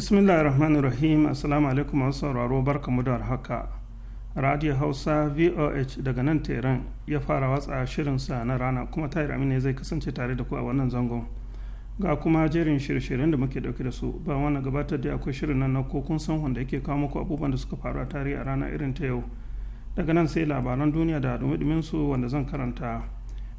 bismillahir rahmanir rahim assalamu alaikum masu sauraro barkamu da haka radio hausa voh daga nan tehran ya fara watsa shirinsa na rana kuma tahir amina zai kasance tare da ku a wannan zangon ga kuma jerin shirye-shiryen da muke dauke da su ba wannan gabatar da akwai shirin nan na ko kun san wanda yake kawo muku abubuwan da suka faru a tarihi a rana irin ta yau daga nan sai labaran duniya da dumi su wanda zan karanta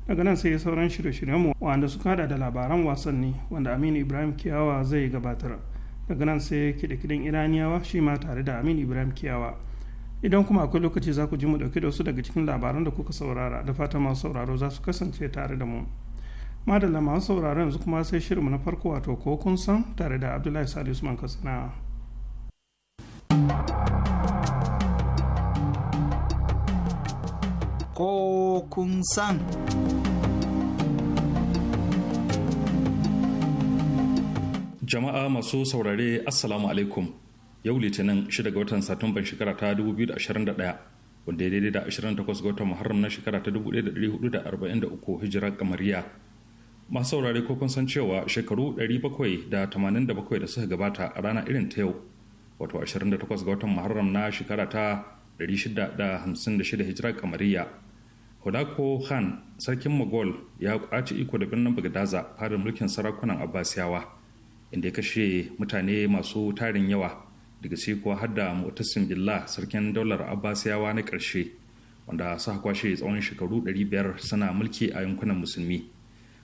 daga nan sai sauran shirye-shiryenmu wanda suka hada da labaran wasanni wanda aminu ibrahim kiyawa zai gabatar daga nan sai kiɗa kiɗen iraniyawa shi ma tare da amin ibrahim kiyawa idan kuma akwai lokaci za ku ji mu ɗauki da wasu daga cikin labaran da kuka saurara da fata masu sauraro za su kasance tare da mu madalla masu sauraro yanzu kuma sai shirinmu na farko wato ko kun san tare da abdullahi salisu usman katsina ko kun san Jama'a masu saurare Assalamu alaikum yau litinin 6 ga watan Satumban shekara ta 2021 wanda ya daidai da 28 ga watan Muharram na shekara ta 1443 hijira kamariya. Masu saurare ko kun san cewa shekaru 787 da suka gabata a rana irin ta yau wato 28 ga watan Muharram na shekara ta 656 hijira kamariya. hudako Khan sarkin Mughal ya kwaci iko da birnin Bagdaza fadin mulkin sarakunan Abbasiyawa. inda ya kashe mutane masu tarin yawa daga sai kuwa har da billah sarkin daular abbasiyawa na ƙarshe wanda suka kwashe tsawon shekaru 500 suna mulki a yankunan musulmi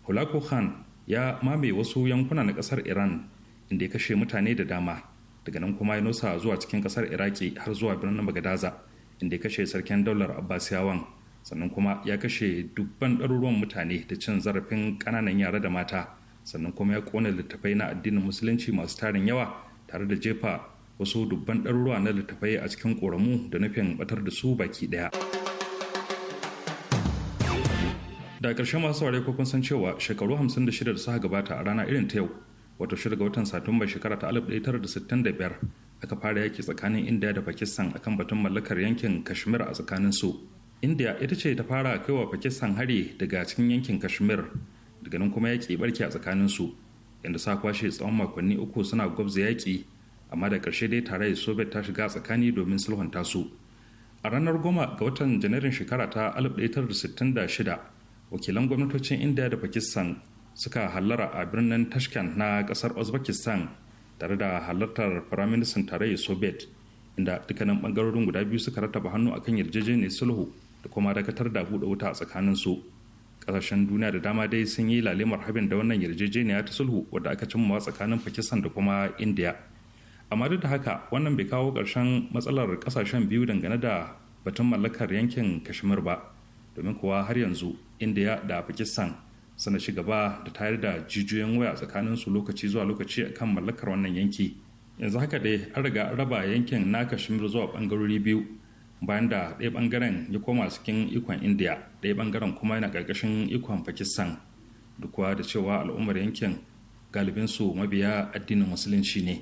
hulaku khan ya mame wasu yankuna na ƙasar iran inda ya kashe mutane da dama daga nan kuma ya nosa zuwa cikin ƙasar iraki har zuwa birnin magadaza inda ya kashe sarkin daular abbasiyawan sannan kuma ya kashe dubban ɗaruruwan mutane da cin zarafin ƙananan yara da mata sannan kuma ya kona littafai na addinin musulunci masu tarin yawa tare da jefa wasu dubban ɗaruruwa na littafai a cikin ƙoramu da nufin batar da su baki ɗaya. da ƙarshen masu saurare ko kun san cewa shekaru 56 da suka gabata a rana irin ta yau wato shirga watan satumba shekara ta 1965 aka fara yaki tsakanin india da pakistan akan batun mallakar yankin kashmir a tsakanin su india ita ce ta fara kaiwa pakistan hari daga cikin yankin kashmir daga nan kuma yaƙi barke a tsakanin su inda sa kwashe tsawon makonni uku suna gwabza yaƙi amma da karshe dai tarayyar soviet ta shiga tsakani domin sulhunta su a ranar goma ga watan janairun shekara ta 1966 wakilan gwamnatocin india da pakistan suka hallara a birnin tashkent na ƙasar uzbekistan tare da halartar firaministan tarayyar soviet inda dukkanin bangarorin guda biyu suka rattaba hannu akan yarjejeniyar sulhu da kuma dakatar da buɗe wuta a tsakaninsu. su kasashen duniya da dama dai sun yi lalimar habin da wannan yarjejeniya ta sulhu wadda aka cimma tsakanin pakistan da kuma india amma duk da haka wannan bai kawo ƙarshen matsalar kasashen biyu dangane da batun mallakar yankin kashmir ba domin kuwa har yanzu india da pakistan suna ci gaba da tayar da jijiyoyin waya tsakanin su lokaci zuwa lokaci akan mallakar wannan yanki yanzu haka dai an riga raba yankin na kashmir zuwa bangarori biyu bayan da ɗaya ɓangaren ya koma cikin ikon india ɗaya ɓangaren kuma yana ƙarƙashin ikon pakistan da kuwa da cewa al'ummar yankin galibinsu mabiya addinin musulunci ne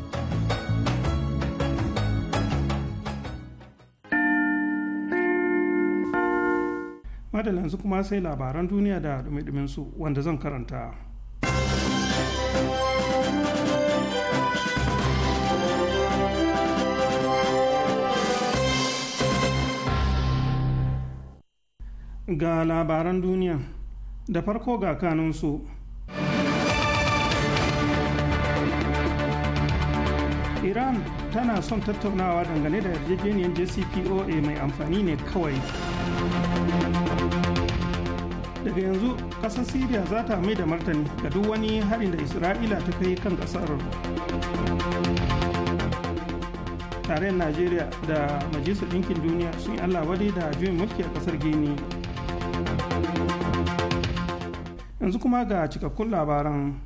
Madalin yanzu kuma sai labaran duniya da dumi su wanda zan karanta ga labaran duniya da farko ga kanunsu iran tana son tattaunawa dangane da yarjejeniyar jcpoa mai amfani ne kawai daga yanzu ƙasar syria za ta mai da martani ga duk wani harin da isra'ila ta kai kan ƙasar tarayyar najeriya da majalisar ɗinkin duniya sun yi allah wadai da juyin mulki a ƙasar gini yanzu kuma ga cikakkun labaran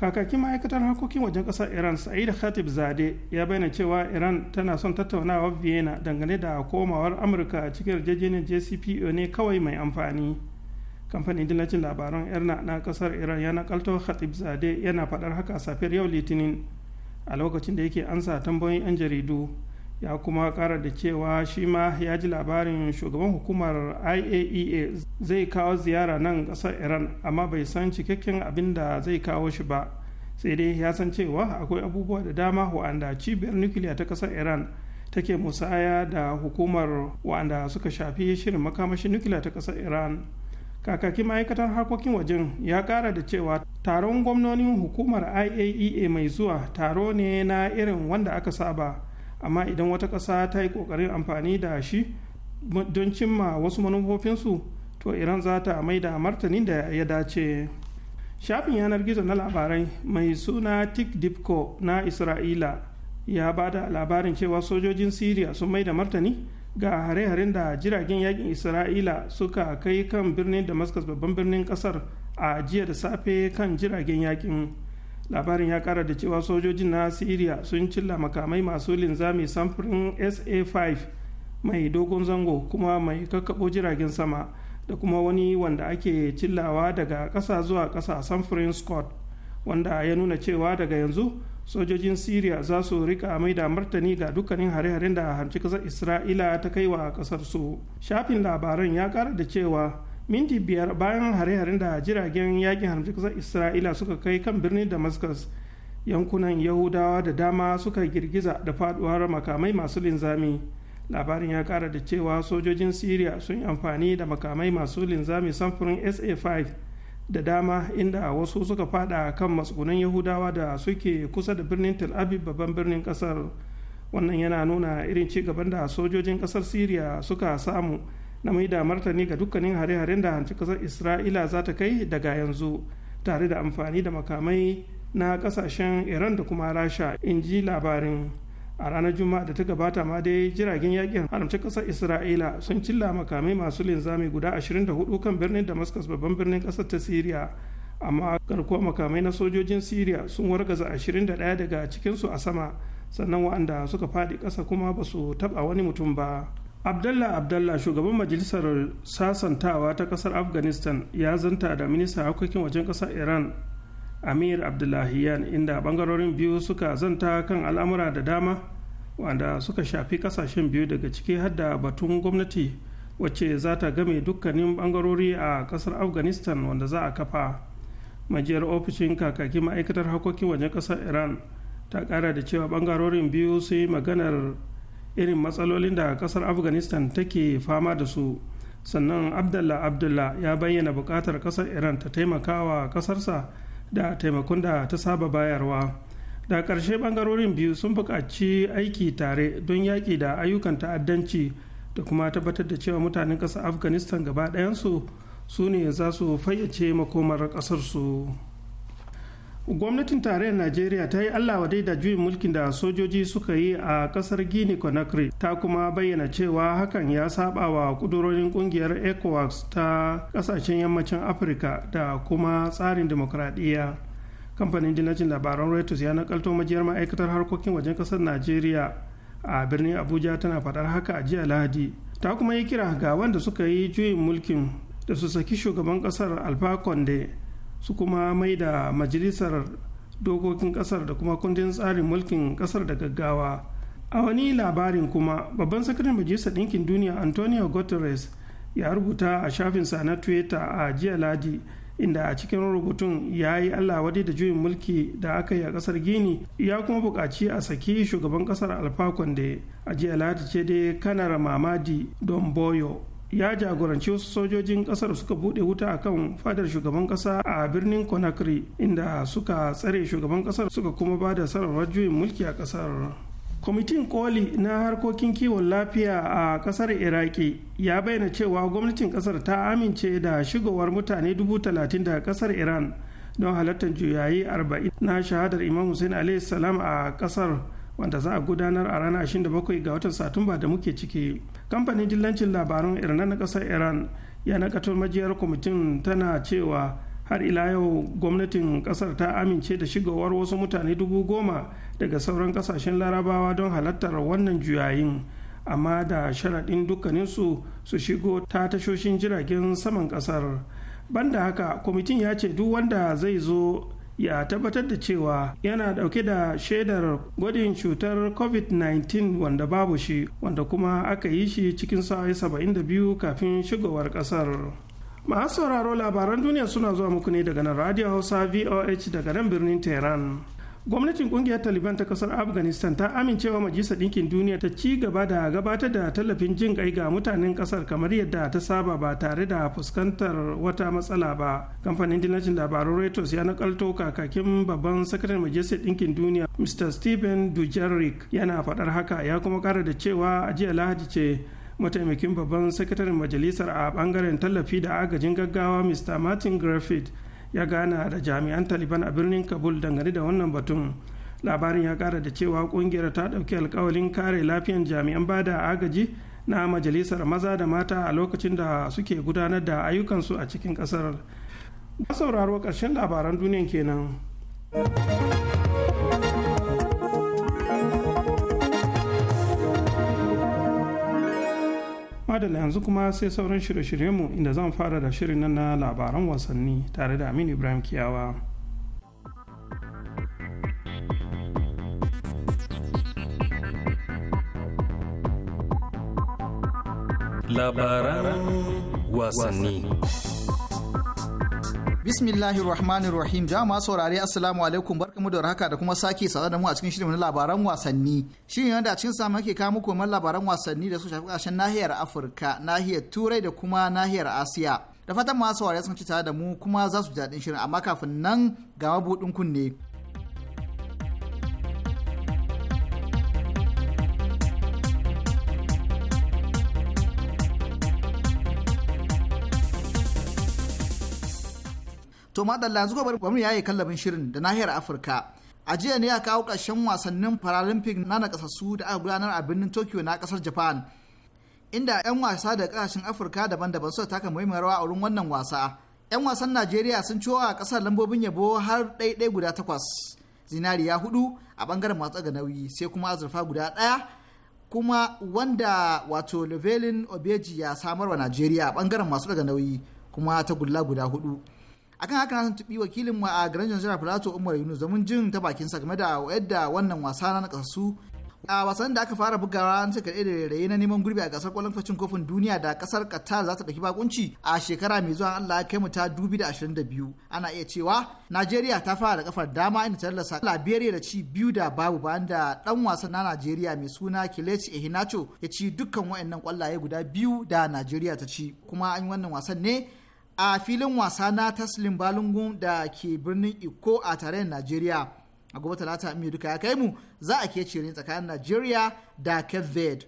kakakin ma'aikatar harkokin wajen ƙasar iran sa'id khatib zade ya bayyana cewa iran tana son tattaunawar vienna dangane da komawar amurka cikin yarjejeniyar jcpo ne kawai mai amfani kamfanin dillacin labaran yar na kasar iran ya nakalto khatib zade yana faɗar haka safiyar yau litinin a lokacin da yake ansa tambayoyin 'yan jaridu ya kuma kara da cewa shi ma ya ji labarin shugaban hukumar iaea e zai kawo ziyara nan kasar iran amma bai san cikakken abin da zai kawo shi ba sai dai ya san cewa akwai abubuwa da dama wa'anda cibiyar nukiliya ta kasar iran take musaya da hukumar wa'anda suka shafi shirin makamashin nukiliya ta kasar iran kakakin ma'aikatar harkokin wajen ya kara da cewa taron gwamnonin hukumar iaea e mai zuwa taro ne na irin wanda aka saba amma idan wata ƙasa ta yi ƙoƙarin amfani da shi don cimma wasu manufofinsu to iran za ta mai da martanin da ya dace shafin yanar gizo na labarai mai suna tik dipko na isra'ila ya ba da labarin cewa sojojin siriya sun mai da martani ga hare-haren da jiragen yakin isra'ila suka kai kan birnin damascus babban birnin kasar a jiya da safe kan jiragen yakin labarin ya kara da cewa sojojin na syria sun cilla makamai masu linzami samfurin sa-5 mai dogon zango kuma mai kakkabo jiragen sama da kuma wani wanda ake cillawa daga ƙasa zuwa ƙasa samfurin scott wanda ya nuna cewa daga yanzu sojojin syria za su rika mai da martani ga dukkanin hare-haren da hanci kasar isra'ila ta kai wa kasar su shafin labaran ya kara da cewa minti biyar bayan hare-haren da jiragen yakin hanci kasar isra'ila suka kai kan birnin damascus yankunan yahudawa da dama suka girgiza da faduwar makamai masu linzami labarin ya kara da cewa sojojin syria sun yi amfani da makamai masu linzami samfurin sa 5 da dama inda wasu suka fada kan matsugunan yahudawa da suke kusa da birnin tel aviv babban birnin kasar wannan yana nuna irin ci gaban da sojojin kasar syria suka samu na mai da martani ga dukkanin hare-haren da hanci kasar isra'ila za ta kai daga yanzu tare da amfani da makamai na kasashen iran da kuma rasha in ji labarin a ranar juma'a da ta gabata ma dai jiragen yakin haramci kasar isra'ila sun cilla makamai masu linzami guda 24 kan birnin damascus babban birnin kasar ta siriya amma garkuwa makamai na sojojin siriya sun wargaza 21 daga cikinsu a sama sannan wa'anda suka faɗi ƙasa kuma ba su taɓa wani mutum ba abdallah abdallah shugaban majalisar sasantawa ta ƙasar afghanistan ya zanta da minista harkokin wajen ƙasar iran amir abdullahiyan inda bangarorin biyu suka zanta kan al'amura da dama wanda suka shafi kasashen biyu daga ciki hadda batun gwamnati wacce za ta game dukkanin bangarori a kasar afghanistan wanda za a kafa majiyar ofishin kakakin ma'aikatar harkokin wajen kasar iran ta kara da cewa bangarorin biyu su yi maganar irin matsalolin da kasar afghanistan take fama da su sannan abdullah abdullah ya bayyana bukatar kasar iran ta taimakawa kasarsa da taimakon da ta saba bayarwa da ƙarshe ɓangarorin biyu sun buƙaci aiki tare don yaƙi da ayyukan ta'addanci da kuma tabbatar da cewa mutanen ƙasar afghanistan gaba ɗayansu su ne za su fayyace makomar ƙasarsu. su gwamnatin tarayyar najeriya ta yi allah wadai da juyin mulkin da sojoji suka yi a kasar gini conakry ta kuma bayyana cewa hakan ya saba wa kudurorin kungiyar ecowas ta kasashen yammacin afirka da kuma tsarin demokradiyya kamfanin dinacin labaran reuters ya nakalto majiyar ma'aikatar harkokin wajen kasar najeriya a birnin abuja tana faɗar haka a jiya lahadi ta kuma yi kira ga wanda suka yi juyin mulkin da su saki shugaban kasar alfa conde su kuma mai da majalisar dokokin kasar da kuma kundin tsarin mulkin kasar da gaggawa a wani labarin kuma babban sakataren majalisar ɗinkin duniya antonio guterres ya rubuta a shafinsa na twitter a jiya ladi inda a cikin rubutun ya yi allah wadai da juyin mulki da aka yi a kasar gini ya kuma buƙaci a saki shugaban kasar alfa da a jiya ladi ce dai kanar mamadi don boyo ya jagoranci wasu sojojin kasar suka bude wuta akan fadar shugaban kasa a birnin conakry inda suka tsare shugaban kasar suka kuma ba da sararwar juyin mulki a kasar kwamitin koli na harkokin kiwon lafiya a kasar iraki ya bayyana cewa gwamnatin kasar ta amince da shigowar mutane dubu talatin daga kasar iran don halartar juyayi arba'in na shahadar imam hussein a kasar wanda za a gudanar a ranar 27 ga watan satumba da muke ciki kamfanin dillancin labaran iran na kasar iran ya nakatar majiyar kwamitin tana cewa har ila yau gwamnatin kasar ta amince da shigowar wasu mutane dubu goma daga sauran kasashen larabawa don halartar wannan juyayin amma da sharaɗin dukkaninsu su shigo ta tashoshin jiragen saman kasar banda haka kwamitin ya ce duk wanda zai zo ya tabbatar da cewa yana dauke da shaidar gwajin cutar covid-19 wanda babu shi wanda kuma aka yi shi cikin sa'o'i 72 kafin shigowar kasar masu sauraro labaran duniya suna zuwa muku ne daga nan radio hausa voh daga nan birnin tehran gwamnatin kungiyar taliban ta kasar afghanistan ta amincewa majalisar ɗinkin duniya ta ci gaba da gabatar da tallafin jin kai ga mutanen kasar kamar yadda ta saba ba tare da fuskantar wata matsala ba kamfanin dinacin labarun reuters ya nakalto kakakin babban sakataren majalisar ɗinkin duniya mr stephen dujarric yana faɗar haka ya kuma kara da cewa a jiya lahadi ce mataimakin babban sakataren majalisar a ɓangaren tallafi da agajin gaggawa mr martin griffith ya gana da jami'an taliban a birnin kabul dangane da wannan batun labarin ya kara da cewa kungiyar ta ɗauki alkawalin kare lafiyan jami'an bada agaji na majalisar maza da mata a lokacin da suke gudanar da ayyukansu a cikin ƙasar sauraro karshen labaran duniya kenan. madalla yanzu kuma sai sauran shirye mu inda zan fara da shirin nan na labaran wasanni tare da aminu ibrahim kiyawa labaran wasanni Bismillahir Rahmanir Rahim. Jama'a saurare Assalamu alaikum barkamu da haka da kuma sake sada da mu a cikin shirin na labaran wasanni. Shirin wanda a cikin sa muke kawo muku man labaran wasanni da su shafi kasashen nahiyar Afirka, nahiyar Turai da kuma nahiyar Asiya. Da fatan masu saurare sun ci tare da mu kuma za su ji daɗin shirin amma kafin nan ga mabuɗin kunne. To madalla gobe bari bari yayi kallabin shirin da nahiyar Afirka. A jiya ne a kawo ƙarshen wasannin Paralympic na nakasassu da aka gudanar a birnin Tokyo na kasar Japan. Inda 'yan wasa daga kasashen Afirka daban-daban suka taka muhimmiyar rawa a wurin wannan wasa. 'Yan wasan Najeriya sun ciwo a kasar lambobin yabo har ɗaiɗai guda takwas. Zinariya hudu a ɓangaren matsa ga nauyi sai kuma azurfa guda ɗaya kuma wanda wato Levelin Obeji ya samarwa Najeriya a ɓangaren masu daga nauyi kuma ta gulla guda hudu. akan haka na tuntubi wakilin mu a garin jihar plateau umar yunus domin jin ta bakin sa game da yadda wannan wasa na kasu a wasan da aka fara bugawa an suka da raye na neman gurbi a gasar kwallon facin kofin duniya da kasar qatar za ta ɗauki bakunci a shekara mai zuwa allah ya kai mu ta dubi da ashirin da biyu ana iya cewa najeriya ta fara da kafar dama inda ta lalasa liberia da ci biyu da babu bayan da dan wasan na najeriya mai suna kelechi ehinacho ya ci dukkan wayannan kwallaye guda biyu da najeriya ta ci kuma an yi wannan wasan ne a filin wasa na taslim balungun da ke birnin iko a tare najeriya a gobe talata mai duka ya kai mu za a ke cire tsakanin najeriya da cape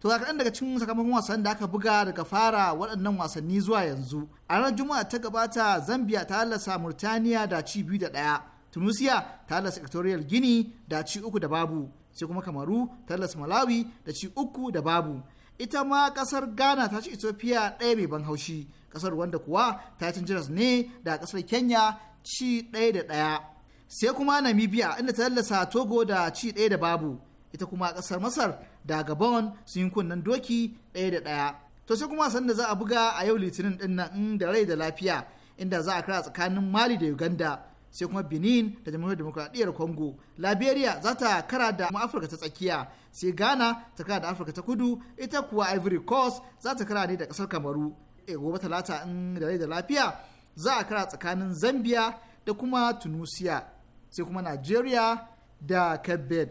to ga daga cikin sakamakon wasan da aka buga daga fara waɗannan wasanni zuwa yanzu a ranar juma'a ta gabata zambia ta halasa murtaniya da ci biyu da ɗaya tunisia ta halasa equatorial guinea da ci uku da babu sai kuma kamaru ta halasa malawi da ci uku da babu ita ma ƙasar ghana ta ci ethiopia ɗaya mai ban haushi kasar wanda kuwa ta cin jiras ne da kasar Kenya ci ɗaya da ɗaya. Sai kuma Namibia inda ta lallasa Togo da ci ɗaya da babu. Ita kuma kasar Masar da Gabon sun yi kunnen doki ɗaya da ɗaya. To sai kuma sanda za a buga a yau Litinin ɗin nan da rai da lafiya inda za a kira tsakanin Mali da Uganda. sai kuma benin da jamhuriyar demokuraɗiyyar congo liberia za ta kara da afirka ta tsakiya sai ghana ta kara da afirka ta kudu ita kuwa ivory coast za ta kara ne da kasar kamaru Eh, gobe talata in da rai da lafiya za a kara tsakanin zambia da kuma tunisia sai kuma nigeria da cape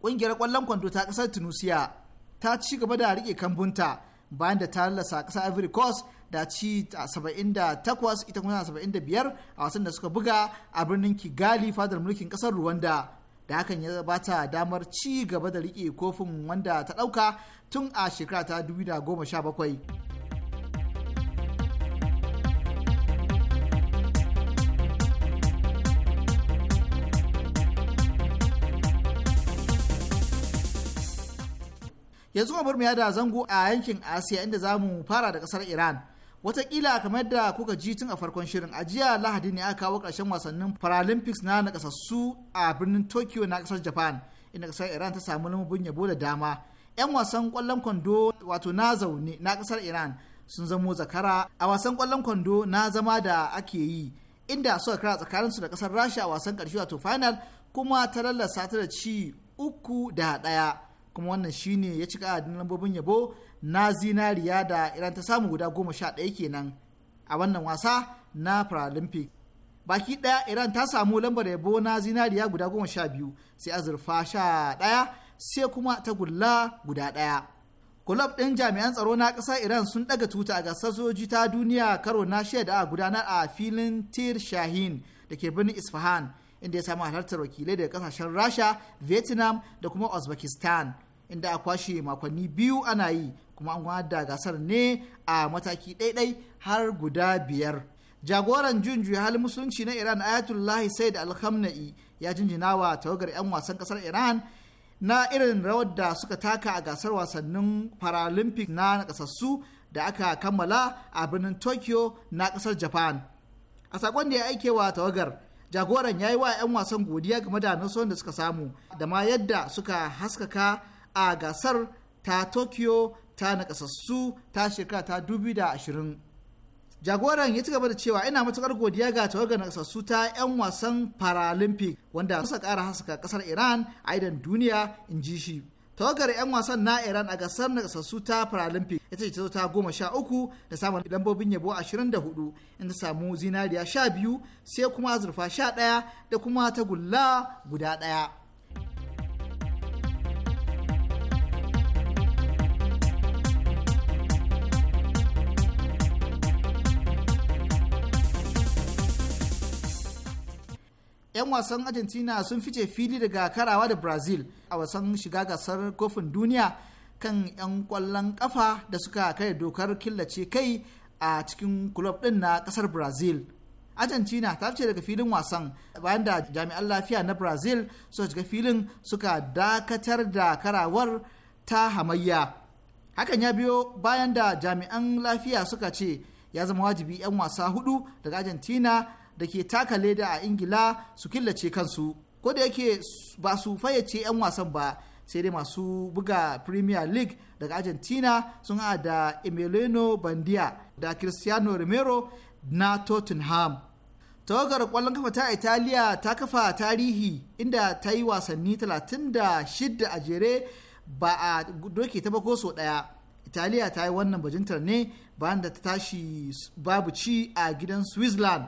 kungiyar kwallon kwando ta kasar tunisia ta ci gaba da riƙe kambunta bayan da ta lallasa kasar ivory coast da ci a 78 ita kuma 75 a wasan da suka buga a birnin kigali fadar mulkin kasar rwanda da hakan ya bata damar ci gaba da rike kofin wanda ta dauka tun a shekara ta 2017 yanzu kuma bar mu yada zango a yankin asiya inda za mu fara da kasar iran watakila kamar da kuka ji tun a farkon shirin a jiya lahadi ne aka kawo karshen wasannin paralympics na nakasassu a birnin tokyo na kasar japan inda kasar iran ta samu lamubin yabo da dama 'yan wasan kwallon kwando wato na zaune na kasar iran sun zamo zakara a wasan kwallon kwando na zama da ake yi inda suka kara su da kasar rasha a wasan karshe wato final kuma ta lallasa sata da ci uku da ɗaya kuma wannan shine ya cika adadin lambobin yabo na zinariya da iran ta samu guda goma sha ɗaya kenan a wannan wasa na paralympic baki ɗaya iran ta samu lambar yabo na zinariya guda goma sha biyu sai azurfa sha ɗaya sai kuma ta gulla guda ɗaya kulob ɗin jami'an tsaro na ƙasar iran sun ɗaga tuta ga gasar ta duniya karo na shaida a gudanar a filin tir shahin da ke birnin isfahan inda ya samu halartar wakilai daga kasashen rasha vietnam da kuma uzbekistan inda a kwashe makonni biyu ana yi kuma an da gasar ne a mataki ɗaiɗai har guda biyar jagoran junjuya hal musulunci na iran ayatollah said alhamna'i ya jinjina wa tawagar 'yan wasan kasar iran na irin rawar da suka taka a gasar wasannin paralympic na nakasassu da aka kammala a birnin tokyo na kasar japan a sakon da ya aike wa tawagar jagoran ya yi wa 'yan wasan godiya game da nasarar da suka samu da ma yadda suka haskaka a gasar ta tokyo ta nakasassu ta shekara ta da ashirin jagoran ya ci gaba da cewa ina matukar godiya ga tawagar nakasassu ta 'yan wasan paralympic wanda suka kara haska kasar iran a idan duniya in ji shi tawagar 'yan wasan na iran a gasar nakasassu ta paralympic ita ce ta goma sha uku da samun lambobin yabo ashirin da in ta samu zinariya sha biyu sai kuma zurfa sha ɗaya da kuma tagulla guda ɗaya 'yan wasan argentina sun fice fili daga karawa da brazil a wasan shiga gasar kofin duniya kan 'yan kwallon kafa da suka kai dokar killace kai a cikin kulob din na kasar brazil argentina ta fice daga filin wasan bayan da jami'an lafiya na brazil suka shiga filin suka dakatar da karawar ta hamayya hakan ya biyo bayan da jami'an lafiya suka ce ya zama wajibi 'yan wasa hudu daga argentina da ke taka leda a ingila su killace kansu ko da yake ba su fayyace 'yan wasan ba sai dai masu buga premier league daga argentina sun haɗa da emiliano bandia da cristiano romero na tottenham tawagar kwallon kafa ta italiya ta kafa tarihi inda ta yi wasanni 36 a jere ba a doke ta bako so daya italiya ta yi wannan bajintar ne bayan da ta tashi babu ci a gidan switzerland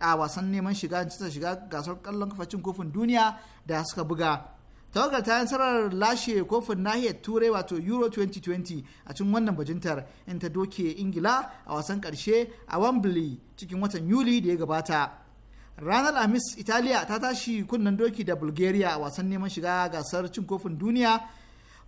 a wasan neman shiga cita shiga gasar kallon kafacin kofin duniya da suka buga tawagar ta nasarar lashe kofin nahiyar turai wato euro 2020 a cikin wannan bajintar in ta doke ingila a wasan karshe a wembley cikin watan yuli da ya gabata ranar alhamis italiya ta tashi kunnen doki da bulgaria a wasan neman shiga gasar cin kofin duniya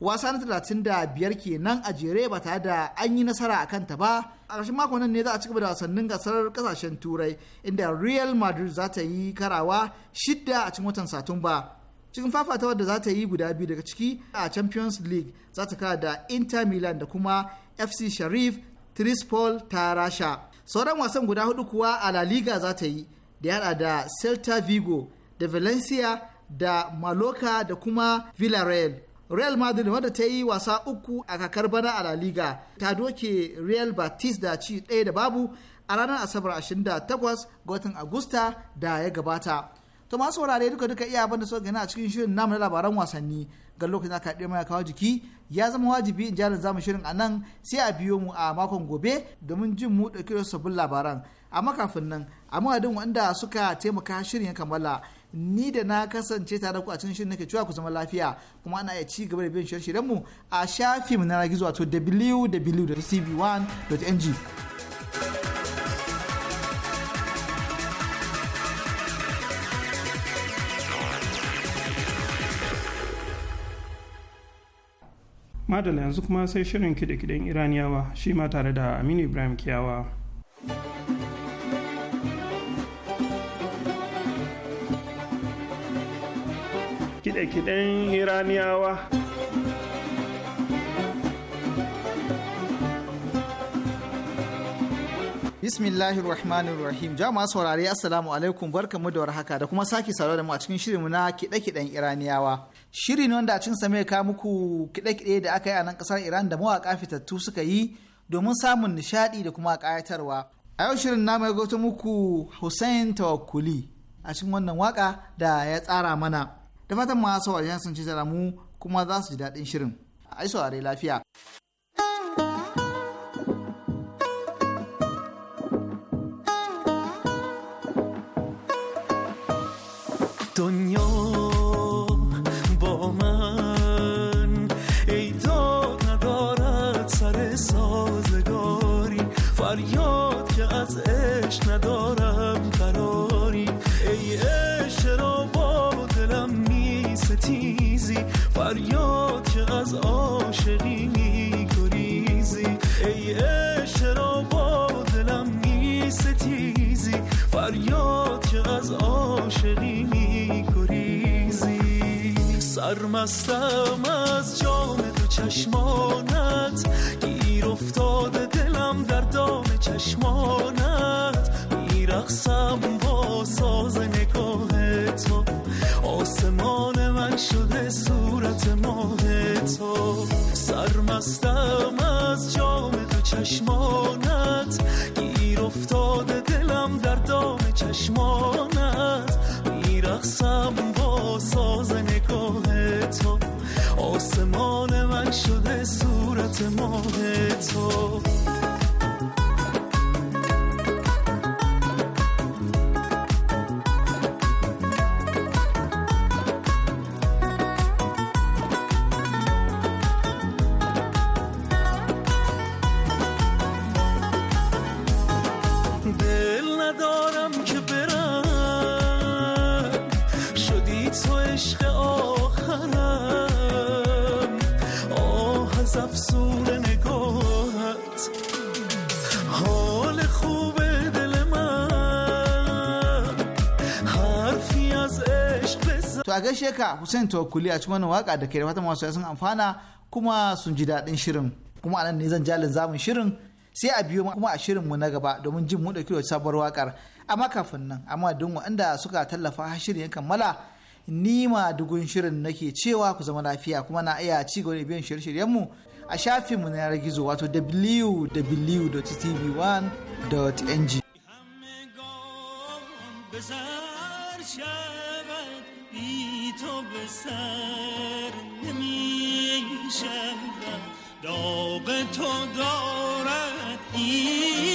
wasa na talatin da biyar kenan a jere ba tare da an yi nasara a kanta ba a ƙarshen mako nan ne za a cigaba da wasannin gasar ƙasashen turai inda real madrid za ta yi karawa shidda a cikin watan satumba cikin fafatawar da za ta yi guda biyu daga ciki a champions league za ta kara da inter milan da kuma fc sharif trispol ta rasha sauran wasan guda hudu kuwa a la liga za ta yi da yada da celta vigo da valencia da maloka da kuma villarreal real madrid wadda ta yi wasa uku a kakar bana a la liga ta doke real batis da ci ɗaya da babu a ranar asabar 28 ga watan agusta da ya gabata to masu wurare duka duka iya abin da suka gani a cikin shirin namu na labaran wasanni ga lokacin aka ɗaya mai kawo jiki ya zama wajibi in jarin zamu shirin a nan sai a biyo mu a makon gobe domin jin mu ɗauki sabbin labaran amma kafin nan a madadin wanda suka taimaka shirin ya kammala ni da na kasance tare ku a cikin shirin nake cewa ku zama lafiya kuma ana iya ci gaba da bin shirye mu a shafin na ragizo wato www.cb1.ng madala yanzu kuma sai shirin kide-kiden iraniyawa shi ma tare da aminu ibrahim kiyawa kide-kiden iraniyawa bismillahir rahmanir rahim jama'a saurare assalamu alaikum barkamu da warhaka da kuma sake saurare da mu a cikin shirinmu na kide-kiden iraniyawa Shirin wanda a cikin sa ka muku kide-kide da aka yi a nan kasar iran da mawaka fitattu suka yi domin samun nishaɗi da kuma kayatarwa a yau shirin na mai goto muku hussein tawakkuli a cikin wannan waka da ya tsara mana da fatan masu wajen sun ci mu kuma za su ji daɗin shirin ai saurare lafiya سازگاری فریاد که از عشق فریاد که از عاشقی کوریزی ای عشق را با دلم میستیزی فریاد که از عاشقی کوریزی سرمستم از جام و چشمانت گیر افتاده دلم در دام چشمانت میرقصم با ساز نگاه تو آسمان من شده سو خستم از جام تو چشمان to a gaishe ka Hussein Tawakkuli a cikin waka da ke da fatan masu sun amfana kuma sun ji daɗin shirin kuma anan ne zan jalin zamun shirin sai a biyo kuma a shirin mu na gaba domin jin mu dauki wata sabuwar wakar amma kafin nan amma don waɗanda suka tallafa har shirin ya kammala ni ma dugun shirin nake cewa ku zama lafiya kuma na iya ci gaba da biyan shirye-shiryen mu a shafin mu na yanar gizo wato www.tv1.ng سر نمی داغ تو دارد این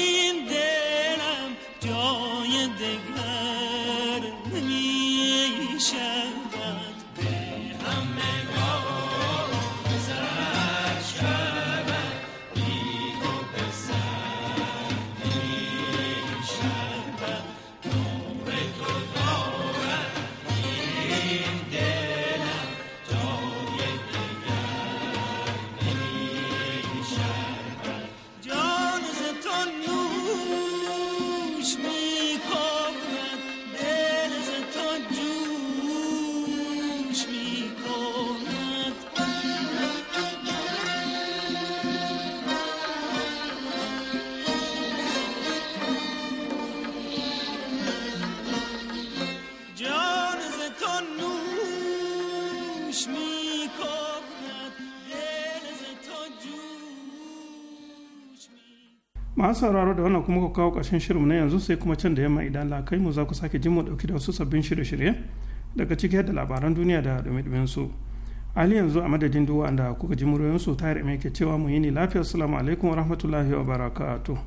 masu sauraro da wannan kuma ku kawo ƙarshen shirin na yanzu sai kuma can da yamma idan lakai mu za ku sake jin mu dauki da wasu sabbin shirye-shirye daga ciki da labaran duniya da dumi su ali yanzu a madadin duwa da kuka ji muryoyin su tayar ke cewa mu yi ni lafiya assalamu alaikum wa rahmatullahi wa barakatu.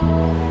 Thank you.